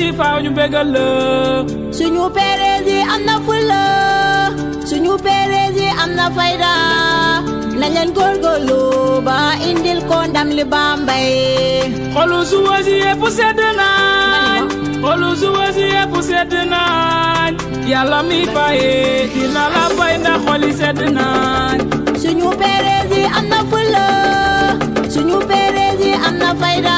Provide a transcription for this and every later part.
yi faaw ñu bégal suñu pérés am na fulla suñu pérés am na fayda na leen ba indil ko ndam li Bambey xolu suwa si yëpp sedd naañ xolu suwa si yëpp sedd naañ yàlla mi faye dina la fay ndax xoli sedd naañ suñu pérés am na fulla suñu pérés am na fayda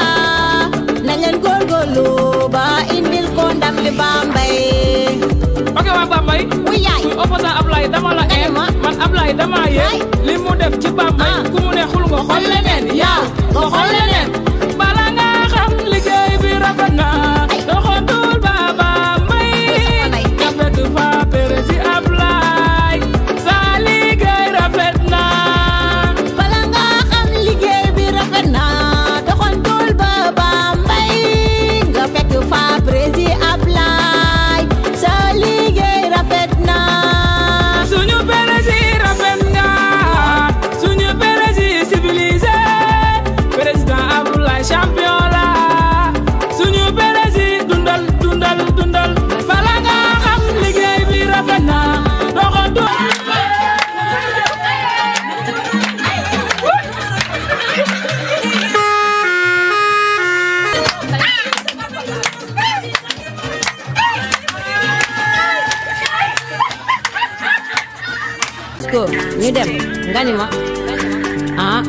man Ablaye dama yéeg li mu def ci Bambey ah. ku mu neexul nga xol ko ñu dem nga ni ma ah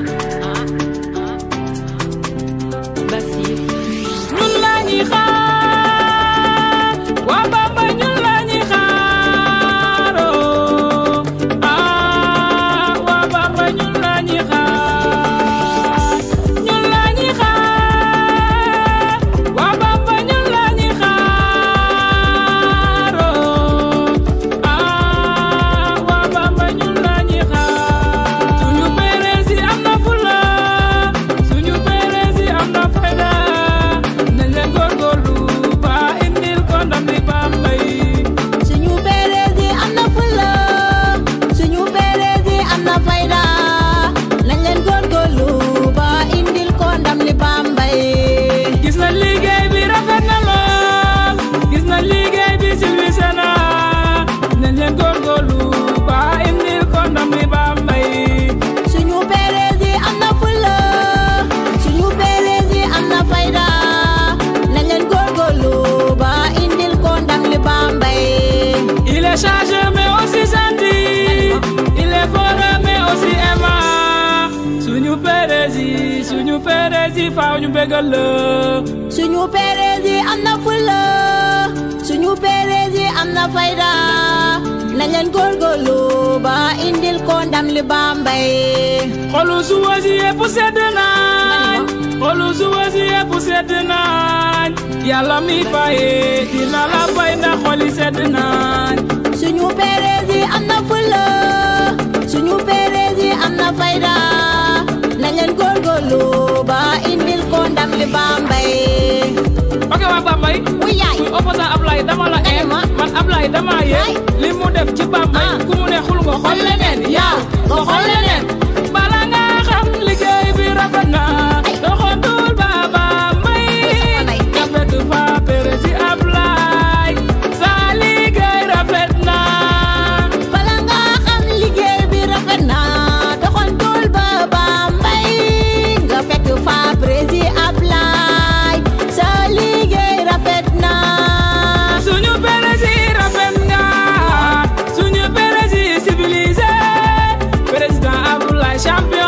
Perezy suñu Perezy faaw ñu suñu Perezy am na fulla suñu Perezy am na fayda nañ leen góorgóorlu ba indil ko ndam li Bambey. xolu suwa si yëpp sedd nañ. xolu suwa si yëpp sedd nañ. yàlla mi fayee dina la fay ndax sedd nañ. dama yéen li mu def ci bàmbay ku mu neexul nga xool leneen yaa nga xool leneen champion